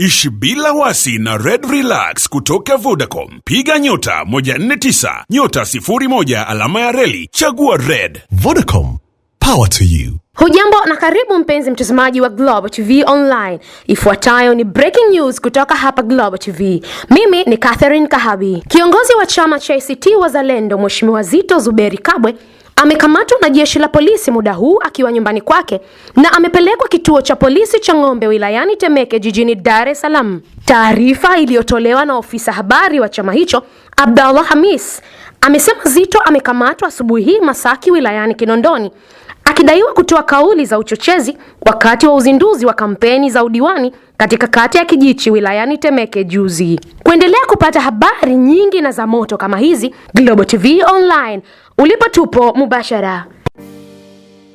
Ishi bila wasi na Red Relax kutoka Vodacom. Piga nyota 149 nyota 01 alama ya reli chagua Red. Vodacom, power to you. Hujambo na karibu mpenzi mtazamaji wa Global TV Online. Ifuatayo ni breaking news kutoka hapa Global TV. Mimi ni Catherine Kahabi. Kiongozi wa chama cha ACT Wazalendo Mheshimiwa Zito Zuberi Kabwe amekamatwa na jeshi la polisi muda huu akiwa nyumbani kwake na amepelekwa kituo cha polisi cha Ng'ombe wilayani Temeke jijini Dar es Salaam. Taarifa iliyotolewa na ofisa habari wa chama hicho Abdallah Hamis amesema Zitto amekamatwa asubuhi hii Masaki wilayani Kinondoni akidaiwa kutoa kauli za uchochezi wakati wa uzinduzi wa kampeni za udiwani katika kata ya Kijichi wilayani Temeke juzi. Kuendelea kupata habari nyingi na za moto kama hizi, Global TV Online, ulipo tupo mubashara.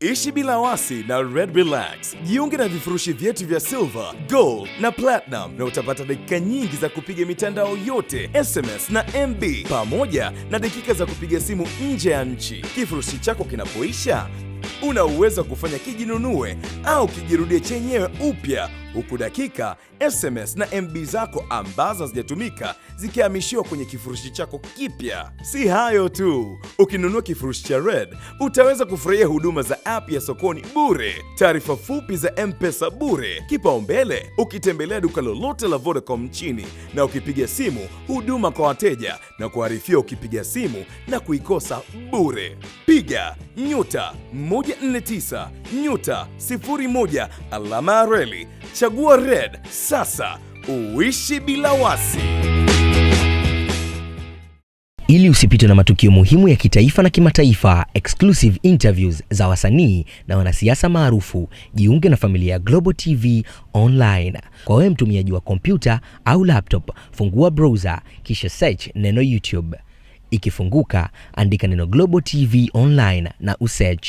Ishi bila wasi na Red Relax. Jiunge na vifurushi vyetu vya silver, gold na platinum na utapata dakika nyingi za kupiga mitandao yote, SMS na MB pamoja na dakika za kupiga simu nje ya nchi. Kifurushi chako kinapoisha una uwezo wa kufanya kijinunue au kijirudie chenyewe upya, huku dakika, SMS na MB zako ambazo hazijatumika zikihamishiwa kwenye kifurushi chako kipya. Si hayo tu, ukinunua kifurushi cha Red utaweza kufurahia huduma za app ya sokoni bure, taarifa fupi za Mpesa bure, kipaumbele ukitembelea duka lolote la Vodacom nchini, na ukipiga simu huduma kwa wateja na kuharifia ukipiga simu na kuikosa bure. Piga nyuta moja 149 nyuta 01 alama ya reli. Chagua Red sasa, uishi bila wasi. Ili usipitwe na matukio muhimu ya kitaifa na kimataifa, exclusive interviews za wasanii na wanasiasa maarufu, jiunge na familia ya Global TV Online. Kwa wewe mtumiaji wa kompyuta au laptop, fungua browser kisha search neno YouTube. Ikifunguka, andika neno Global TV Online na usearch.